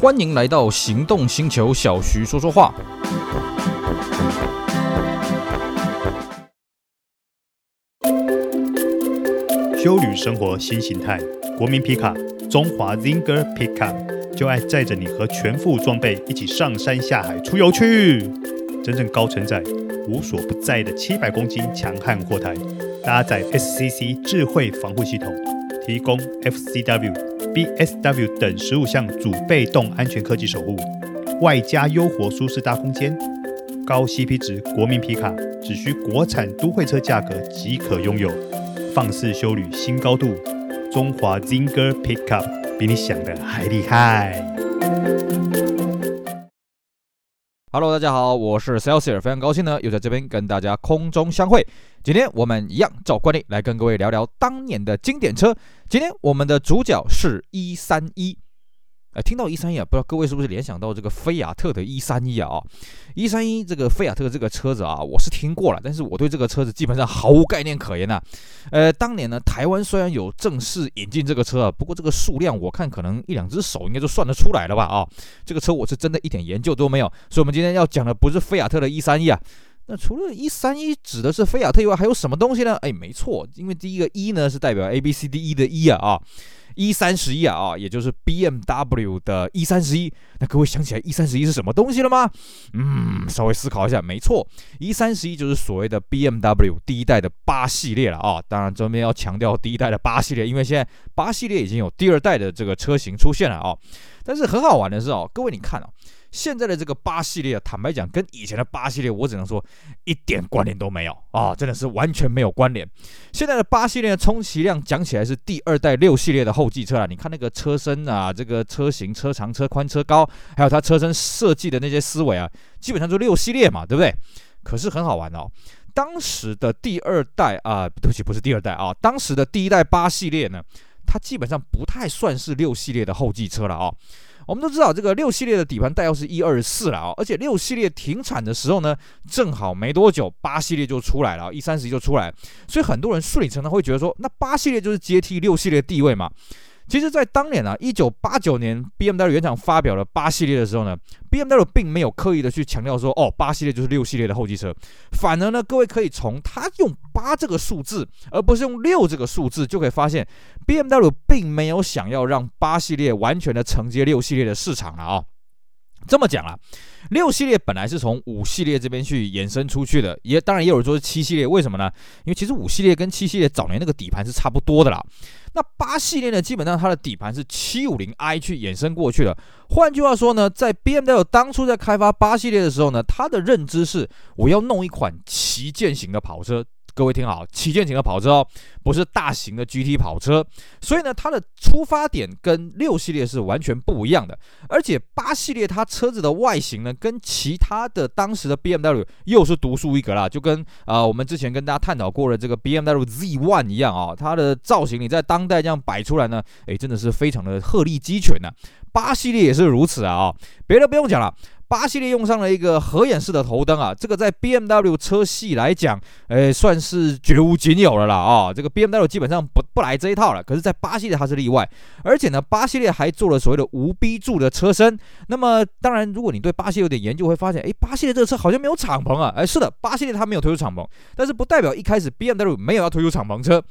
歡迎來到行動星球，小徐說說話。休旅生活新形態，國民皮卡中華 Zinger 皮卡就愛載着你和全副裝備一起上山下海出遊去，真正高承載、無所不在的七百公斤強悍貨台，搭載 SCC 智慧防護系統，提供 FCW。BSW 等十五項主被動安全科技守護，外加優活舒適大空間，高 CP 值國民皮卡，只需國產都會車價格即可擁有，放肆休旅新高度，中華 Zinger Pickup 比你想的還厲害。哈嘍，Hello, 大家好，我是 Celsior，非常高興呢，又在這邊跟大家空中相會。今天我們一樣照慣例來跟各位聊聊當年的經典車。今天我們的主角是 E31。聽到一三一啊，不知道各位是不是聯想到這個菲亞特的一三一啊、哦？一三一這個菲亞特這個車子啊，我是聽過了，但是我對這個車子基本上毫無概念可言吶、啊。呃，當年呢，台灣雖然有正式引進這個車、啊，不過這個數量我看可能一兩隻手應該就算得出來了吧？啊，這個車我是真的一點研究都沒有，所以我們今天要講的不是菲亞特的一三一啊。那除了一三一指的是菲亞特以外，還有什麼東西呢？哎，沒錯，因為第一個一、e、呢是代表 A B C D E 的、啊、E 啊。E 三十一啊，也就是 B M W 的 E 三十一。那各位想起來 E 三十一是什麼東西了嗎？嗯，稍微思考一下，沒錯，E 三十一就是所謂的 B M W 第一代的八系列了啊、哦。當然這邊要強調第一代的八系列，因為現在八系列已經有第二代的這個車型出現了啊、哦。但是很好玩的是哦，各位你看啊、哦，現在的這個八系列、啊，坦白講跟以前的八系列，我只能說一點關聯都沒有啊、哦，真的是完全沒有關聯。現在的八系列充其量講起來是第二代六系列的後。後繼車啊，你看那個車身啊，這個車型、車長、車寬、車高，還有它車身設計的那些思維啊，基本上就六系列嘛，對不對？可是很好玩哦。當時的第二代啊，對不起，不是第二代啊，當時的第一代八系列呢，它基本上不太算是六系列的後繼車了哦。我們都知道，這個六系列的底盤代號是一二四了，哦、而且，六系列停產的時候呢，正好沒多久，八系列就出來了，一三十一就出來，所以很多人順理成章會覺得說，那八系列就是接替六系列的地位嘛。其實，在當年啊，一九八九年，BMW 原廠發表了八系列的時候呢，BMW 並沒有刻意的去強調說，哦，八系列就是六系列的後繼車。反而呢，各位可以從它用八這個數字，而不是用六這個數字，就可以發現，BMW 並沒有想要讓八系列完全的承接六系列的市場了啊、哦。這麼講啊，六系列本來是從五系列這邊去延伸出去的，也當然也有人說是七系列，為什麼呢？因為其實五系列跟七系列早年那個底盤是差不多的啦。那八系列呢，基本上它的底盤是 750i 去衍生過去了，換句話說呢，在 BMW 當初在開發八系列的時候呢，它的認知是我要弄一款旗艦型的跑車。各位聽好，旗艦型的跑車，哦、不是大型的 GT 跑車，所以呢，它的出發點跟六系列是完全不一樣的。而且八系列它車子的外形呢，跟其他的當時的 BMW 又是獨樹一格啦，就跟啊、呃、我們之前跟大家探討過的這個 BMW Z1 一樣啊、哦，它的造型你在當代這樣擺出來呢，哎，真的是非常的鶴立雞群吶。八系列也是如此啊、哦，別的不用講了。八系列用上了一個合眼式的頭燈啊，這個在 BMW 車系來講，哎，算是絕無僅有的了啊哦。這個 BMW 基本上不不來這一套了，可是，在八系列它是例外。而且呢，八系列還做了所謂的無 B 柱的車身。那麼，當然，如果你對八系列有點研究，會發現，哎，八系列這個車好像沒有敞篷啊。哎，是的，八系列它沒有推出敞篷，但是不代表一開始 BMW 沒有要推出敞篷車。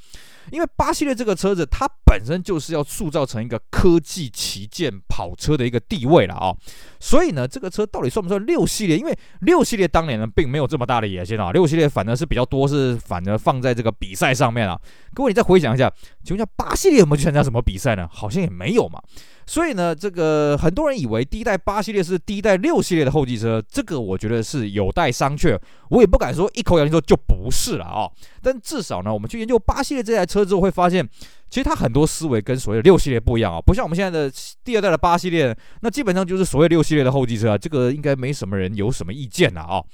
因為八系列這個車子，它本身就是要塑造成一個科技旗艦跑車的一個地位了啊，所以呢，這個車到底算不算六系列？因為六系列當年呢，並沒有這麼大的野心啊，六系列反而是比較多，是反而放在這個比賽上面啊。各位，你再回想一下。請問，像八系列有沒有去參加什麼比賽呢？好像也沒有嘛。所以呢，這個很多人以為第一代八系列是第一代六系列的後繼車，這個我覺得是有待商榷。我也不敢說一口咬定說就不是了啊、哦。但至少呢，我們去研究八系列這台車之後，會發現其實它很多思維跟所謂的六系列不一樣啊、哦。不像我們現在的第二代的八系列，那基本上就是所謂六系列的後繼車，這個應該沒什麼人有什麼意見了啊、哦。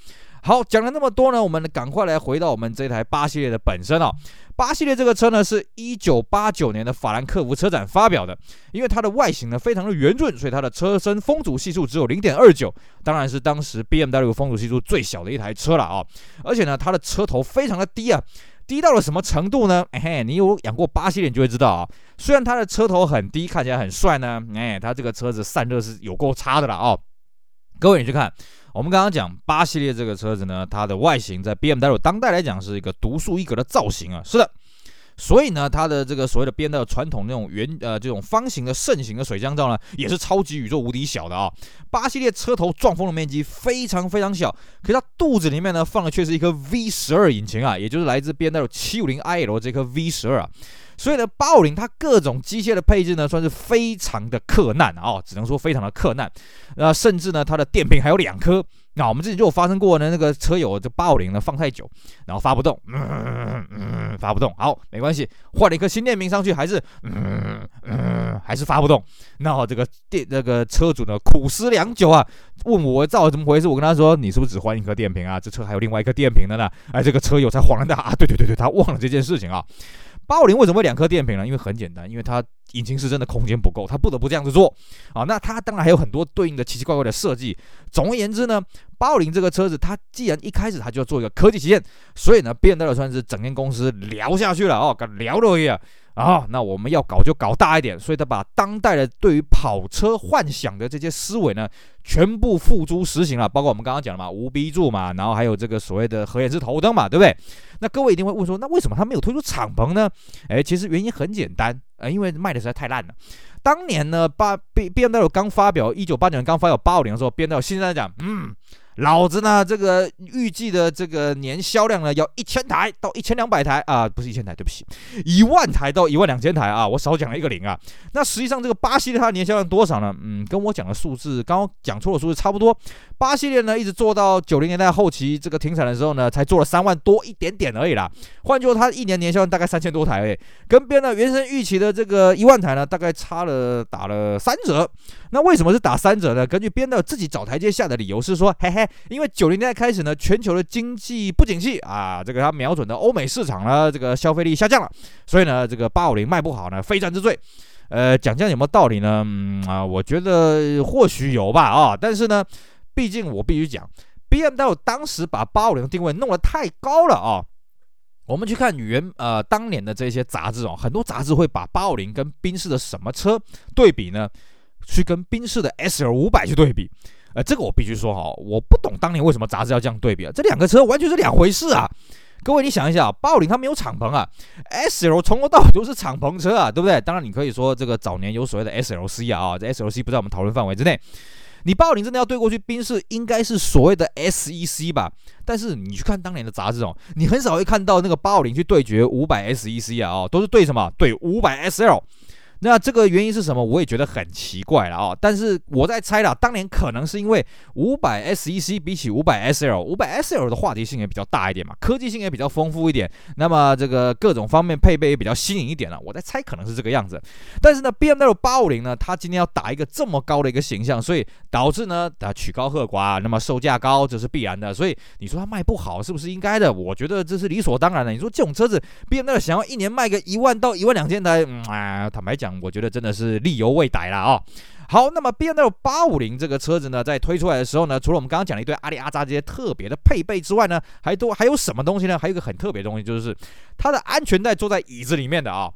好，講了那麼多呢，我們趕快來回到我們這台八系列的本身啊、哦。八系列這個車呢，是一九八九年的法蘭克福車展發表的，因為它的外形呢非常的圓潤，所以它的車身風阻係數只有零點二九，當然是當時 BMW 風阻係數最小的一台車了啊、哦。而且呢，它的車頭非常的低啊，低到了什麼程度呢？哎嘿，你有養過八系列你就會知道啊、哦。雖然它的車頭很低，看起來很帥呢，哎，它這個車子散熱是有夠差的了啊、哦。各位，你去看。我們剛剛講八系列這個車子呢，它的外形在 BMW 當代來講是一個獨樹一格的造型啊，是的，所以呢，它的這個所謂的 BMW 傳統那種圓呃這種方形的腎形的水箱罩呢，也是超級宇宙無敵小的啊、哦。八系列車頭撞風的面積非常非常小，可是它肚子裡面呢放的卻是一顆 V 十二引擎啊，也就是來自 BMW 七五零 iL 這顆 V 十二啊。所以呢，八五零，它各種機械的配置呢，算是非常的克難啊、哦，只能說非常的克難。那、呃、甚至呢，它的電瓶還有兩顆。那、啊、我們之前就有發生過呢，那個車友這八五零呢放太久，然後發不動，嗯嗯，發不動。好，沒關係，換了一顆新電瓶上去，還是嗯嗯，還是發不動。那這個電這個車主呢，苦思良久啊，問我造怎麼回事。我跟他說，你是不是只換一顆電瓶啊？這車還有另外一顆電瓶的呢。哎，這個車友才恍然大悟啊，對對對對，他忘了這件事情啊。八五零為什麼會兩顆電瓶呢？因為很簡單，因為它引擎室真的空間不夠，它不得不這樣子做啊、哦。那它當然還有很多對應的奇奇怪怪的設計。總而言之呢，八五零這個車子，它既然一開始它就要做一個科技旗艦，所以呢，變得了算是整間公司聊下去了哦，跟聊了一樣。啊、哦，那我們要搞就搞大一點，所以他把當代的對於跑車幻想的這些思維呢，全部付諸實行了，包括我們剛剛講的嘛，無 B 柱嘛，然後還有這個所謂的荷葉式頭燈嘛，對不對？那各位一定會問說，那為什麼他沒有推出敞篷呢？誒，其實原因很簡單，呃、因為賣的實在太爛了。當年呢，八 B B M W 剛發表一九八九年剛發表八五零的時候，B M W 現在講，嗯。老子呢，這個預計的這個年銷量呢，要一千台到一千兩百台啊，不是一千台，對不起，一萬台到一萬兩千台啊，我少講了一個零啊。那實際上這個8系列它年銷量多少呢？嗯，跟我講的數字，剛剛講錯的數字差不多。8系列呢，一直做到九零年代後期這個停產的時候呢，才做了三萬多一點點而已啦。換做它一年年銷量大概三千多台，哎，跟別人原生預期的這個一萬台呢，大概差了打了三折。那為什麼是打三折呢？根據 BMW 自己找台階下的理由是說，嘿嘿，因為九零年代開始呢，全球的經濟不景氣啊，這個它瞄準的歐美市場呢，這個消費力下降了，所以呢，這個八五零賣不好呢，非戰之罪。呃，講講有沒有道理呢、嗯？啊，我覺得或許有吧啊、哦，但是呢，畢竟我必須講，B M W 當時把八五零的定位弄得太高了啊、哦。我們去看原呃當年的這些雜誌哦，很多雜誌會把八五零跟賓士的什麼車對比呢？去跟賓士的 S L 五百去對比，呃，這個我必須說哈，我不懂當年為什麼雜誌要這樣對比，這兩個車完全是兩回事啊！各位你想一下，850它沒有敞篷啊，S L 從頭到尾都是敞篷車啊，對不對？當然你可以說這個早年有所謂的 S L C 啊，這 S L C 不在我們討論範圍之內。你850真的要對過去賓士，應該是所謂的 S E C 吧？但是你去看當年的雜誌哦，你很少會看到那個850去對決五百 S E C 啊，都是對什麼？對五百 S L。那這個原因是什麼？我也覺得很奇怪了啊、哦！但是我在猜啦，當年可能是因為五百 S E C 比起五百 S L，五百 S L 的話題性也比較大一點嘛，科技性也比較豐富一點，那麼這個各種方面配備也比較新穎一點了、啊。我在猜可能是這個樣子。但是呢，B M W 八五零呢，它今天要打一個這麼高的一個形象，所以導致呢打曲高和寡，那麼售價高這是必然的。所以你說它賣不好是不是應該的？我覺得這是理所當然的。你說這種車子 B M W 想要一年賣個一萬到一萬兩千台，啊、嗯，坦白講。講，我覺得真的是力有未逮了啊。好，那麼 BMW 850這個車子呢，在推出來的時候呢，除了我們剛剛講了一堆阿里阿扎這些特別的配備之外呢，還都還有什麼東西呢？還有一個很特別的東西，就是它的安全帶坐在椅子裡面的啊、哦。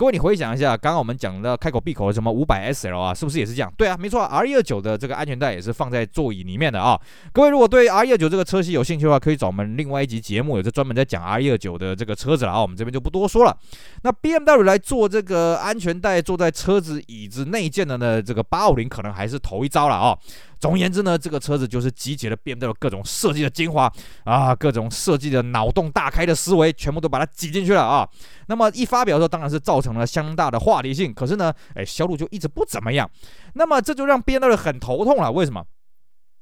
各位，你回想一下，剛剛我們講的開口閉口的什麼五百 SL 啊，是不是也是這樣？對啊，沒錯，R E 二九的這個安全帶也是放在座椅裡面的啊、哦。各位如果對 R E 二九這個車系有興趣的話，可以找我們另外一集節目，有是專門在講 R E 二九的這個車子了啊、哦。我們這邊就不多說了。那 B M W 來做這個安全帶坐在車子椅子內建的呢，這個八五零可能還是頭一招了啊、哦。總而言之呢，這個車子就是集結了 B M W 各種設計的精華啊，各種設計的腦洞大開的思維，全部都把它擠進去了啊。那麼一發表的時候，當然是造成了相當大的話題性，可是呢，哎、欸，銷路就一直不怎麼樣。那麼這就讓 B M W 很頭痛了。為什麼？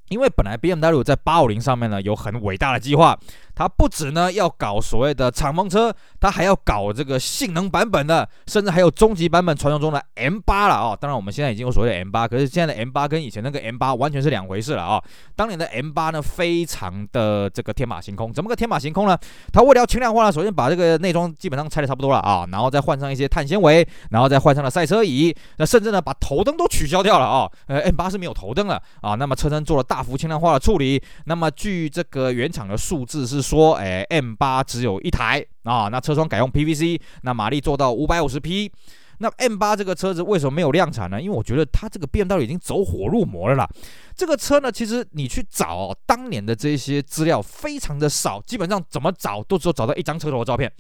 因為本來 B M W 在八五零上面呢有很偉大的計劃。它不止呢要搞所謂的敞篷車，它還要搞這個性能版本的，甚至還有終極版本，傳說中的 M 八了啊、哦！當然，我們現在已經有所謂的 M 八，可是現在的 M 八跟以前那個 M 八完全是兩回事了啊、哦！當年的 M 八呢，非常的這個天馬行空，怎麼個天馬行空呢？它為了要輕量化呢，首先把這個內裝基本上拆得差不多了啊、哦，然後再換上一些碳纖維，然後再換上了賽車椅，那甚至呢把頭燈都取消掉了啊、哦！呃，M 八是沒有頭燈了啊、哦。那麼車身做了大幅輕量化的處理，那麼據這個原廠的數字是。說，哎，M8 只有一台啊，那車窗改用 PVC，那馬力做到550匹。那 M 八這個車子為什麼沒有量產呢？因為我覺得它這個 BMW 已經走火入魔了啦。這個車呢，其實你去找當年的這些資料非常的少，基本上怎麼找都只有找到一張車頭的照片。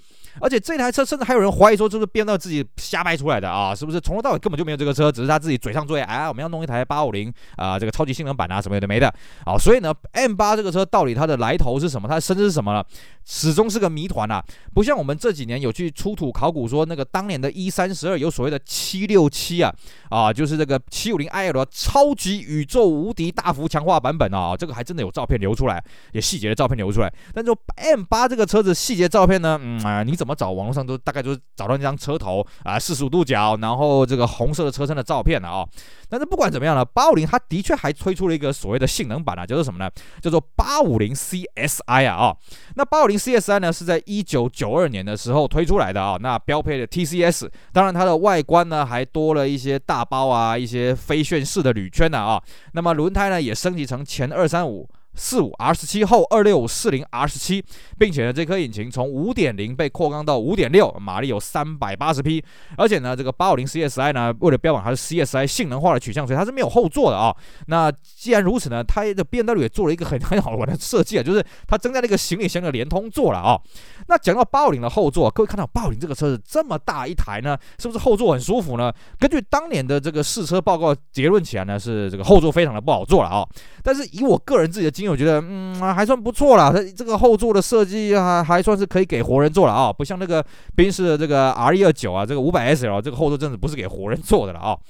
而且這台車甚至還有人懷疑說，這是 BMW 自己瞎掰出來的啊，是不是？從頭到尾根本就沒有這個車，只是他自己嘴上作哎，我們要弄一台八五零啊，這個超級性能版啊，什麼有的沒的啊、哦。所以呢，M 八這個車到底它的來頭是什麼？它的身世是什麼了？始終是個謎團啊。不像我們這幾年有去出土考古，說那個當年的 E32 有。所謂的七六七啊啊，就是這個七五零 IL 超級宇宙無敵大幅強化版本啊，這個還真的有照片流出來，有細節的照片流出來。但就 M 八這個車子細節照片呢，嗯、啊，你怎麼找？網絡上都大概就是找到那張車頭啊，四十五度角，然後這個紅色的車身的照片了啊。但是不管怎麼樣呢，八五零它的確還推出了一個所謂的性能版啊，就是什麼呢？叫做八五零 CSI 啊啊。那八五零 CSI 呢是在一九九二年的時候推出來的啊。那標配的 TCS，當然它的。外觀呢，還多了一些大包啊，一些飛旋式的鋁圈呢啊、哦。那麼輪胎呢，也升級成前二三五。四五 R 十七，後二六五四零 R 十七，並且呢，這顆引擎從五點零被擴缸到五點六，馬力有三百八十匹。而且呢，這個八五零 CSI 呢，為了標榜它是 CSI 性能化的取向，所以它是沒有後座的啊、哦。那既然如此呢，它的 B M W 也做了一個很很好玩的設計啊，就是它增加了一個行李箱的連通座了啊、哦。那講到八五零的後座，各位看到八五零這個車是這麼大一台呢，是不是後座很舒服呢？根據當年的這個試車報告結論起來呢，是這個後座非常的不好坐了啊、哦。但是以我個人自己的經驗。我覺得嗯，還算不錯啦，它這個後座的設計還、啊、還算是可以給活人坐了啊，不像那個賓士的這個 R 一二九啊，這個五百 S L 這個後座真的是不是給活人坐的了啊、哦。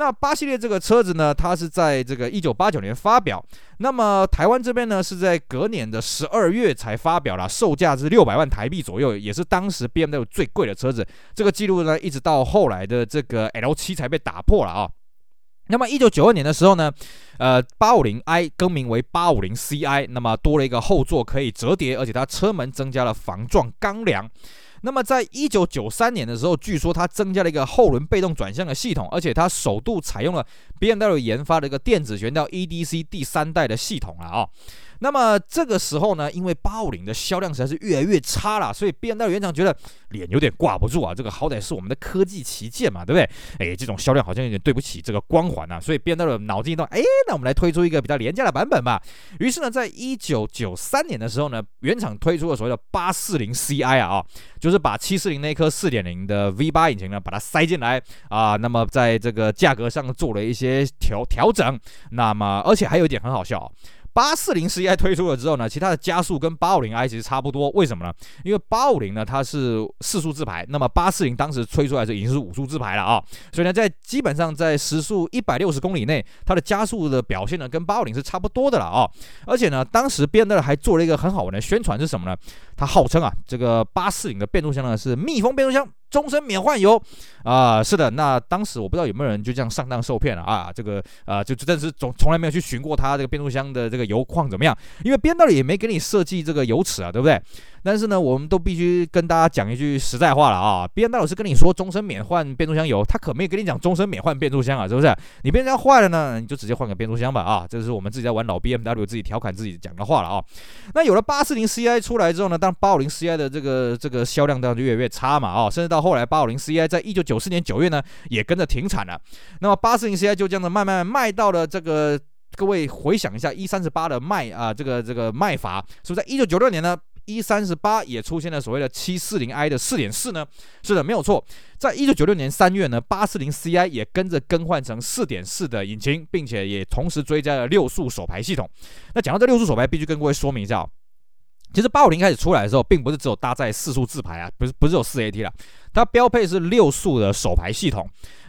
那八系列這個車子呢，它是在這個一九八九年發表，那麼台灣這邊呢是在隔年的十二月才發表了，售價是六百萬台幣左右，也是當時 B M W 最貴的車子。這個記錄呢，一直到後來的這個 L 七才被打破了啊、哦。那麼一九九二年的時候呢，呃，八五零 i 更名為八五零 Ci。那麼多了一個後座可以折疊，而且它車門增加了防撞鋼樑。那麼在一九九三年的時候，據說它增加了一個後輪被動轉向的系統，而且它首度採用了 B M W 研發的一個電子懸吊 E D C 第三代的系統了啊、哦。那麼這個時候呢，因為八五零的銷量實在是越來越差了，所以變到的原廠覺得臉有點掛不住啊。這個好歹是我們的科技旗艦嘛，對不對？哎，這種銷量好像有點對不起這個光環吶、啊。所以變到了腦筋一動，哎，那我們來推出一個比較廉價的版本吧。於是呢，在一九九三年的時候呢，原廠推出了所謂的八四零 CI 啊，就是把七四零那顆四點零的 V 八引擎呢，把它塞進來啊。那麼在這個價格上做了一些調調整。那麼而且還有一點很好笑、哦。啊。八四零 Ci 推出了之後呢，其他的加速跟八五零 i 其實差不多，為什麼呢？因為八五零呢它是四速自排，那麼八四零當時推出來是已經是五速自排了啊、哦，所以呢在基本上在時速一百六十公里內，它的加速的表現呢跟八五零是差不多的了啊、哦，而且呢當時 BMW 還做了一個很好玩的宣傳是什麼呢？它號稱啊這個八四零的變速箱呢是密封變速箱。終身免換油，啊、呃，是的，那當時我不知道有沒有人就這樣上當受騙了啊，啊，這個啊、呃，就真的是從從來沒有去尋過他這個變速箱的這個油況怎麼樣，因為編道也沒給你設計這個油尺啊，對不對？但是呢，我們都必須跟大家講一句實在話了啊！BMW 是跟你說終身免換變速箱油，他可沒跟你講終身免換變速箱啊，是不是？你變速箱壞了呢，你就直接換個變速箱吧啊！這是我們自己在玩老 B M W，自己調侃自己講的話了啊。那有了八四零 C I 出來之後呢，當八五零 C I 的這個這個銷量當然越來越差嘛啊，甚至到後來八五零 C I 在一九九四年九月呢也跟着停產了。那麼八四零 C I 就這樣的慢慢賣到了這個各位回想一下 E38 的賣啊，這個這個賣法，是不是在一九九六年呢？E38 也出現了所謂的七四零 i 的四點四呢？是的，沒有錯。在一九九六年三月呢，八四零 ci 也跟着更換成四點四的引擎，並且也同時追加了六速手排系統。那講到這六速手排，必須跟各位說明一下哦。其實八五零開始出來的時候，並不是只有搭載四速自排啊，不是不是有四 AT 了，它標配是六速的手排系統。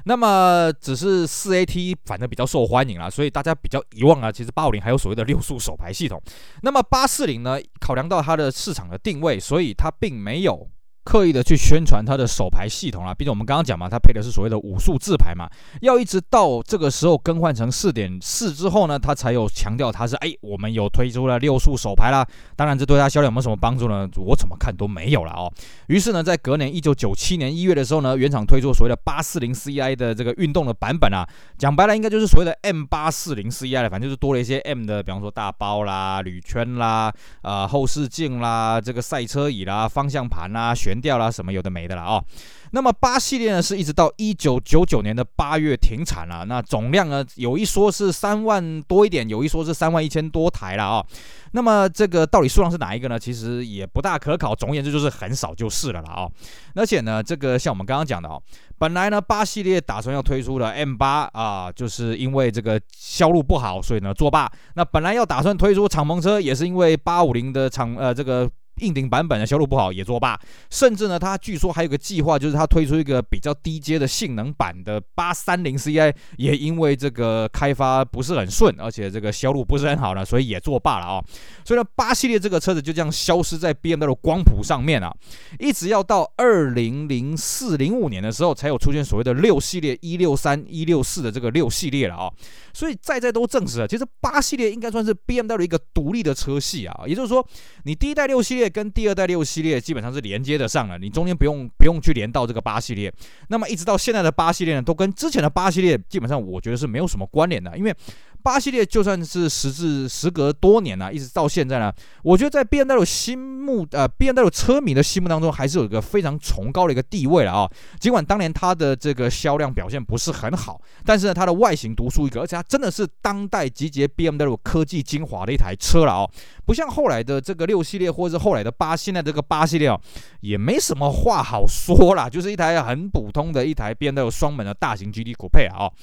那麼只是四 AT 反正比較受歡迎啦啊，所以大家比較遺忘啊。其實八五零還有所謂的六速手排系統。那麼八四零呢，考量到它的市場的定位，所以它並沒有。刻意的去宣傳它的手排系統啊，畢竟我們剛剛講嘛，它配的是所謂的五速自排嘛，要一直到這個時候更換成四點四之後呢，它才有強調它是哎、欸，我們有推出了六速手排啦。當然，這對他銷量有沒有什麼幫助呢？我怎麼看都沒有了哦。於是呢，在隔年一九九七年一月的時候呢，原廠推出所謂的八四零 Ci 的這個運動的版本啊，講白了應該就是所謂的 M 八四零 Ci 了，反正就是多了一些 M 的，比方說大包啦、鋁圈啦、啊、呃，後視鏡啦、這個賽車椅啦、方向盤啦、啊、旋。掉了什麼有的沒的了啊、哦？那麼八系列呢，是一直到一九九九年的八月停產了。那總量呢，有一說是三萬多一點，有一說是三萬一千多台了啊、哦。那麼這個到底數量是哪一個呢？其實也不大可考，總而言之就是很少就是了啦。啊。而且呢，這個像我們剛剛講的啊、哦，本來呢八系列打算要推出的 M 八啊，就是因為這個銷路不好，所以呢作罷。那本來要打算推出敞篷車，也是因為八五零的敞呃這個。硬頂版本的銷路不好，也作罷。甚至呢，它據說還有個計劃，就是它推出一個比較低階的性能版的八三零 CI，也因為這個開發不是很順，而且這個銷路不是很好呢，所以也作罷了啊、哦。所以呢，八系列這個車子就這樣消失在 BMW 的光譜上面了、啊，一直要到二零零四零五年的時候，才有出現所謂的六系列一六三一六四的這個六系列了啊、哦。所以再再都證實了，其實八系列應該算是 BMW 一個獨立的車系啊，也就是說，你第一代六系列。跟第二代六系列基本上是連接得上了，你中間不用不用去連到這個八系列，那麼一直到現在的八系列呢，都跟之前的八系列基本上我覺得是沒有什麼關聯的，因為。八系列就算是時至時隔多年了、啊，一直到現在呢，我覺得在 B M W 心目呃 B M W 車迷的心目當中，還是有一個非常崇高的一個地位了啊、哦。儘管當年它的這個銷量表現不是很好，但是呢，它的外形獨樹一格，而且它真的是當代集結 B M W 科技精華的一台車了啊、哦。不像後來的這個六系列，或者是後來的八，現在這個八系列、哦、也沒什麼話好說了，就是一台很普通的一台 B M W 雙門的大型 GT Coupe 啊、哦。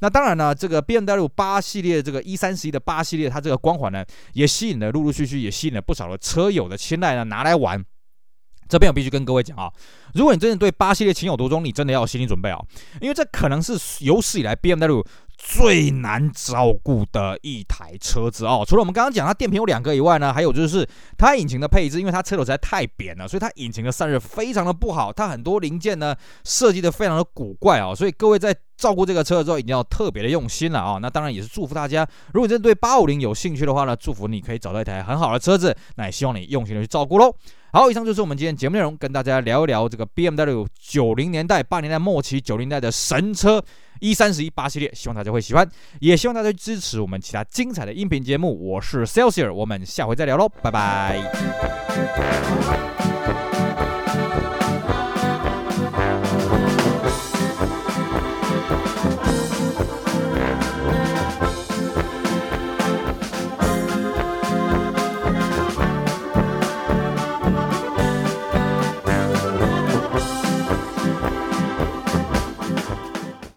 那當然呢，這個 BMW 八系列，這個 E 三十一的八系列，它這個光環呢，也吸引了陸陸續續，也吸引了不少的車友的青睞呢，拿來玩。這邊我必須跟各位講啊、哦，如果你真的對八系列情有獨鍾，你真的要有心理準備啊、哦，因為這可能是有史以來 BMW 最難照顧的一台車子哦，除了我們剛剛講它電瓶有兩個以外呢，還有就是它引擎的配置，因為它車頭實在太扁了，所以它引擎的散熱非常的不好，它很多零件呢設計的非常的古怪哦，所以各位在照顧這個車的時候一定要特別的用心了啊、哦。那當然也是祝福大家，如果真的對八五零有興趣的話呢，祝福你可以找到一台很好的車子，那也希望你用心的去照顧嘍。好，以上就是我們今天節目內容，跟大家聊一聊這個 BMW 九零年代、八零年代末期、九零代的神車。E31 八系列，希望大家會喜歡，也希望大家支持我們其他精彩的音頻節目。我是 Celsior，我們下回再聊嘍，拜拜。